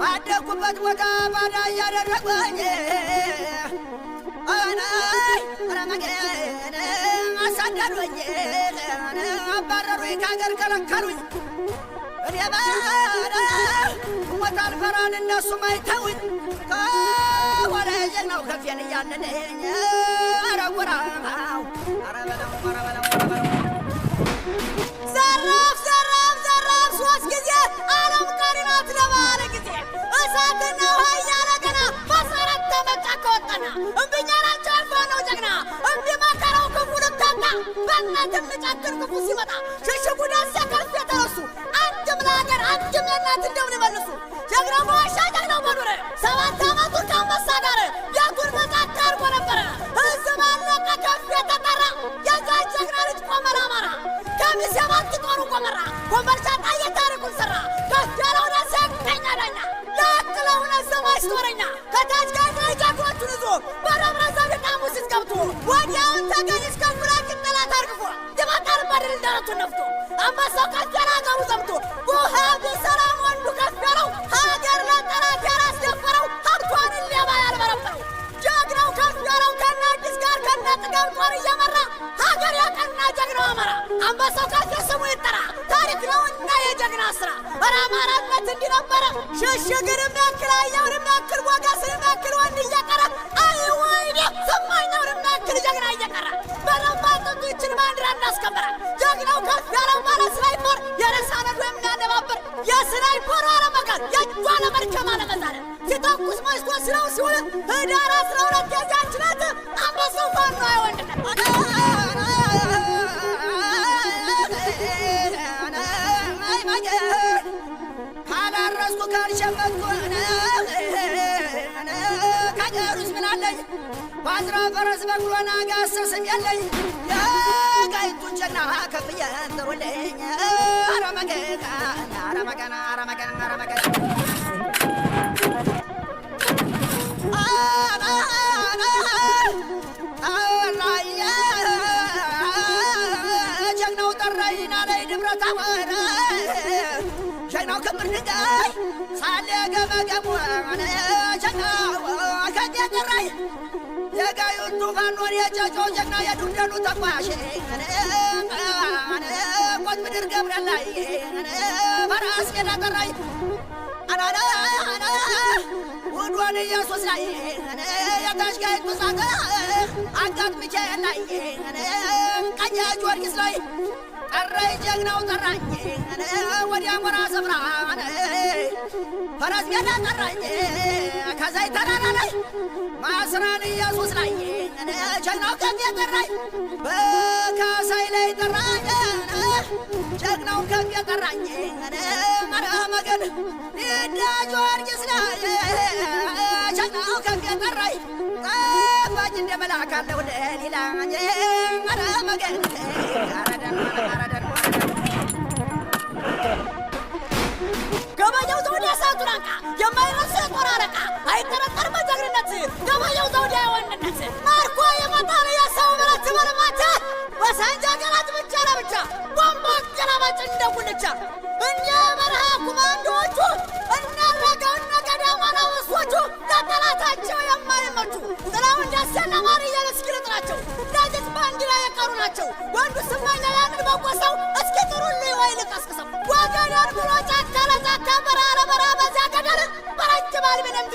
ባደኩበት ቦታ ባዳ እያደረጉኝ ረመጌን አሳደዱኝ፣ አባረሩኝ፣ ከአገር ከለከሉኝ። እኔ ባዳ ሞት አልፈራን እነሱ ማይተውኝ ከሆነ ነው ከፌን እያለንኝ አረጉራው አረበለው አረበለው እምቢኛ ናቸው ያልፋነው ጀግና እምቢ መከረው ክፉ ሲመጣ የተረሱ አንድም ለሀገር አንድም የእናት ይመልሱ ጀግና መዋሻ ጀግናው መኖረ ሰባት ከአንበሳ ጋር ነበረ ህዝብ አለቀ ከፍ የተጠራ የዛ ጀግና ልጅ ቆመራ አማራ ከሚስ ጦሩ ቆመራ ከፍ ያለሆነ ሰቀኛ ዳኛ ለአቅለሆነ ሰማሽ ጦረኛ ከታች ጋር ደረቱን ነፍቶ አንበሳው ከፈረ ሀገሩ ዘምቶ ውሃ ቢሰራም ወንዱ ከፈረው ሀገር ለጠናገር አስደፈረው ሀብቷን ሌባ ያልበረበረው ጀግናው ከፈረው ከነ አዲስ ጋር ከነ ጥጋብ ጦር እየመራ ሀገር ያቀና ጀግናው አመራ አንበሳው ከፈረ ስሙ ይጠራ ታሪክ ነውና የጀግና ስራ በራማራነት እንዲነበረ ሽሽግንም ያክል አየውንም ያክል ወገስንም ያክል ወንድያ ባንዲራ እናስከብራል። ጀግናው ከፍ ያለው ማለት ስናይፐር የሚያነባብር ሲተኩስ መስቶ ስለው ሲውል ህዳር አስራ ሁለት ፋኖ ካላረስኩ ካልሸመትኩ ከገሩስ ምናለኝ ባዝራ ፈረስ ጋሰስም የለኝ ጭና ከፍዬ እንትሩልኝ አረመገና አረመገና አረመገና አረመገና ጀግናው ጠራይና ላይ ንብረት አማረ ጀግናው ክምር ድንጋይ ሳለ ገመገሙ ጀግናው ከጌ ጠራይ የጋዩቱ ፋኖን የጨጮ ጀግና የዱንደኑ ተኳሽ ቆት ምድር ገብረ ላይ ፈራስ የላጠራይ አናና ውዶን ኢየሱስ ላይ የታሽጋይቱ ሳተ አጋት ሚካኤል ላይ ቀኛች ወርጊስ ላይ ጠራይ ጀግናው ጠራኝ ወዲያ ሞራ ስፍራ ፈረስ ቤት አቀራኝ ከዘይ ተራራ ላይ ማስራን ኢየሱስ ላይ ጀግናው ከፍ የጠራኝ በካሳይ ላይ ጠራኝ ጀግናው ከፍ የጠራኝ መራ መገድ ዳ ላይ ጀግናው ከፍ የጠራኝ ጠፋኝ እንደ መላክ ለሌላ መራ መገድ አረደን ገበየው ዘውዴ እሳቱን አንቃ የማይረስ ጦር አለቃ አይጠረጠርም በጀግንነት ገበየው ዘውዴ የወንድነት ማርኮ የመጣነ የሰው ምረት በርማታ በሳንጃ ገላት ብቻ ለብቻ ቦምቦ ገላባጭ እንደጉንቻ እኛ በረሃ ኮማንዶዎቹ እና ነገዳ ቀዳማና ወስዎቹ ለጠላታቸው የማይመቹ ጥላው እንዳሰና ማሪ የለስኪል ጥራቸው ዳጀት ባንዲራ የቀሩ ናቸው ወንዱ ስማኝ ለያንን በቆሰው እስኪ ጥሩልኝ ወይ ልቀስቅሰው ዋጋ ዳር ብሎ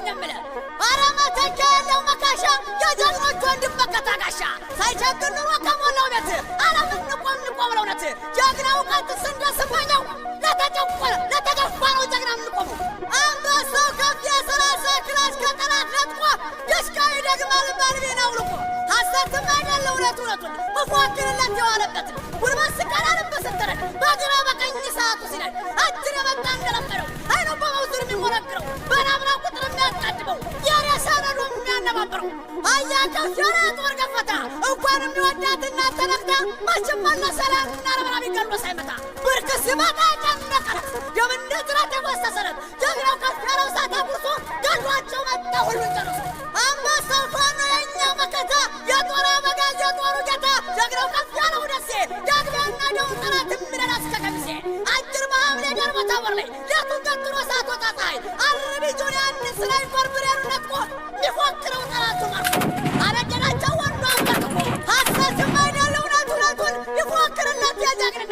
አትበሉኝ እምልህ ኧረ መተኪያ መካሻ የጀግኖች ወንድም መከታ ሳይቸግር ኑሮ ከሞላው ቤት አለምን ንቆም ንቆም ለውነት ጀግናው ቀጥስ እንደስም ነበሩ። አያተ ሸረት ወርገፈታ እንኳን የሚወዳት እናት ተነክታ መቼም አለ ሰላምና ረብራብ ይቀልበ ሳይመታ ብርክ ሲመጣ ደም የምንድ ደም እንደ ዝራት የፈሰሰለት ጀግናው ከፍ ያለው ሳት አጉርሶ ገሏቸው መጣ ሁሉ ጨርሶ አንበሳው ሆነ የኛው መከታ የጦር አበጋዝ የጦሩ ጌታ ጀግናው ከፍ ያለው ደሴ ዳግሜና ደው ጠላት ምንላስ ከቀሚሴ አጭር መሀምሌ ደርቦ ወር ላይ ሌቱን ገትሮ ሳት ወጣ ፀሐይ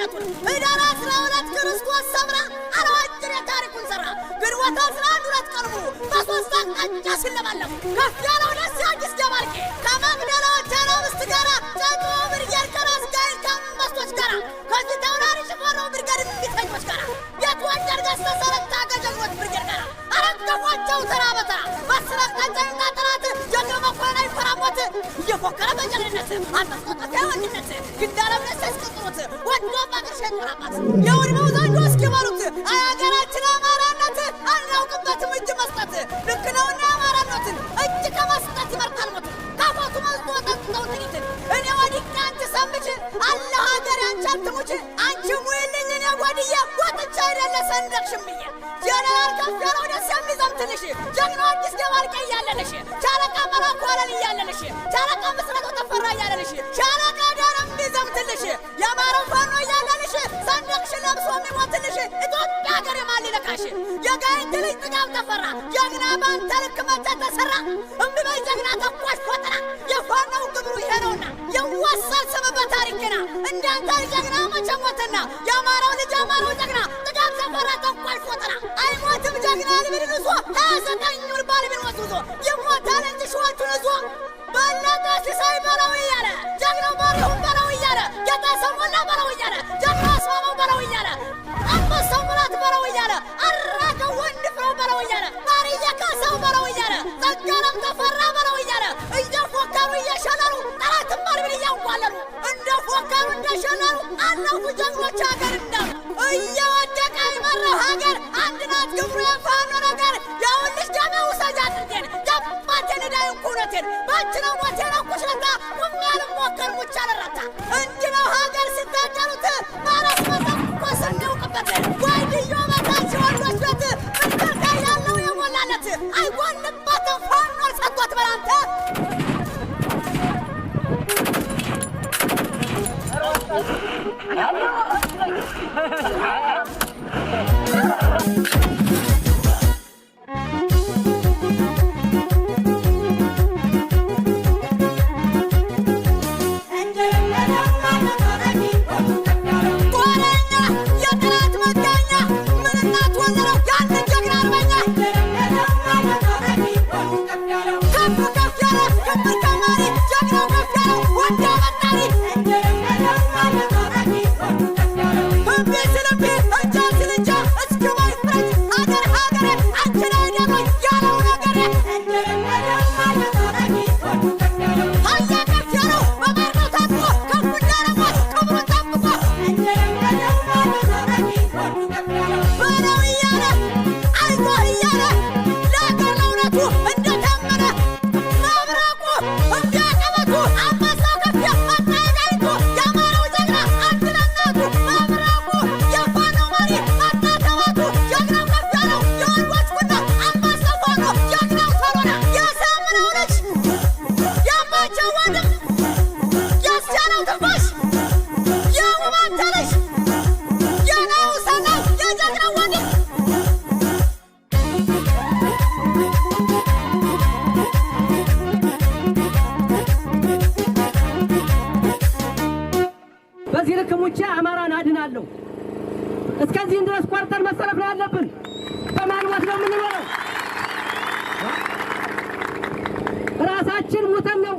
አመቱን ህዳር አስራ ሁለት ክርስቶስ ሰምራ አለዋጭር የታሪኩን ሠራ ግንቦት አስራ አንድ ሁለት ቀን ሙሉ አቅጣጫ ሲለባለፉ ከፍ ያለው ደስ ያዲስ ደባርቄ ከመቅደላዎች አናብስት ጋራ ጨጦ ብርጌድ ከራስ ጋይል ጋራ ከዚህ ተውራሪ ሽፈራው ብርጌድ ሚተኞች ጋራ የትወንጀል ገዝተ ሰረታ ከጀግኖች ብርጌድ ጋራ አረገፏቸው ተራ በተራ በአስር ሲሞት እየፎከረ በጀግንነት አልተስቆጥሮት ያወድነት ግዳለም ነሳ ያስቆጥሮት ወዶ አባት ሸኝር አባት የውድመው ዘንዶ እስኪበሉት አያገራችን አማራነት አናውቅበትም እጅ መስጠት ልክ ነውና አማራነትን እጅ ከመስጠት ይመርጣል ሞት ከሞቱ መዝቶ ጠጥተው ትቂትን እኔ ወዲቅ አንቺ ሰምች አለ ሀገር አንቺ አትሙች አንቺ ሙይልኝ እኔ ጓድያ እንዳንረቅሽም ብዬ ጀነራል ከፍ ደስ የሚዘምትልሽ ጀግና አዲስ ደባልቀ እያለንሽ ሻለቃ መላኩ አለል እያለንሽ ሻለቃ ምስረቱ ተፈራ እያለንሽ ሻለቃ ዳር የሚዘምትልሽ የአማራው ፋኖ እያለንሽ ሰንደቅሽ ለብሶ የሚሞትልሽ ኢትዮጵያ ሀገር የማሊለካሽ የጋይት ልጅ ጥጋብ ተፈራ ጀግና ባንተ ልክ መቼ ተሰራ እምድበይ ጀግና ተኳሽ ቆጠራ የፋኖው ግብሩ ይሄ ነውና የዋሳል ስም በታሪክና እንዳንተ ጀግና መቼ የአማራው ልጅ አማራው ጀግና ጦር ተኳል ፎጠራ አይሞትም ጀግና ልብድን እዞ ሀያ ዘጠኙን ባልቢሮስ ይሞታል እንጂ ሺዎቹን እዞ በለጠ ሲሳይ በለው እያለ ጀግናው በሪሁን በለው እያለ ጌታ ሰሞላ በለው እያለ ጀግና አስማማው በለው እያለ አንበሳው ሙላት በለው እያለ አራገው ወንድፍረው በለው እያለ ማርየ ካሳው በለው እያለ ጸጋለም ተፈራ በለው እያለ እየፎከሩ እየሸለሉ ጠላትን ባልቢን እያንቋለሉ እንደ ፎከሩ እንደ አለፉ ጀግኖች ሀገር እንደ አንቺን ሞት የነኩሽ ነውና ቁሚያንም ሞከር ሙቻ አለረታ እንዲህ ነው ሀገር ሲታደሉት ማለት መጠቁ ኮስ እንዲውቅበት ጓድዮ በታች ወንዶች ያለው የሞላለት አይጎንበትም ፋኖል ሰጥቶት በላንተ Thank you.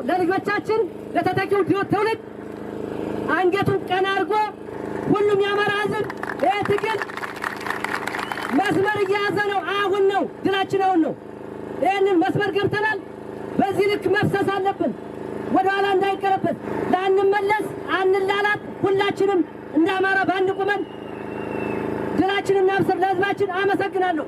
ለልጆቻችን ለተተኪው ትውልድ አንገቱን ቀና አድርጎ ሁሉም የአማራ ህዝብ ይህ ትግል መስመር እየያዘ ነው። አሁን ነው ድላችን፣ አሁን ነው። ይህንን መስመር ገብተናል። በዚህ ልክ መፍሰስ አለብን። ወደ ኋላ እንዳይቀርብን፣ ላንመለስ፣ አንላላት። ሁላችንም እንደ አማራ ባንቁመን ቁመን ድላችን እናብስር። ለህዝባችን አመሰግናለሁ።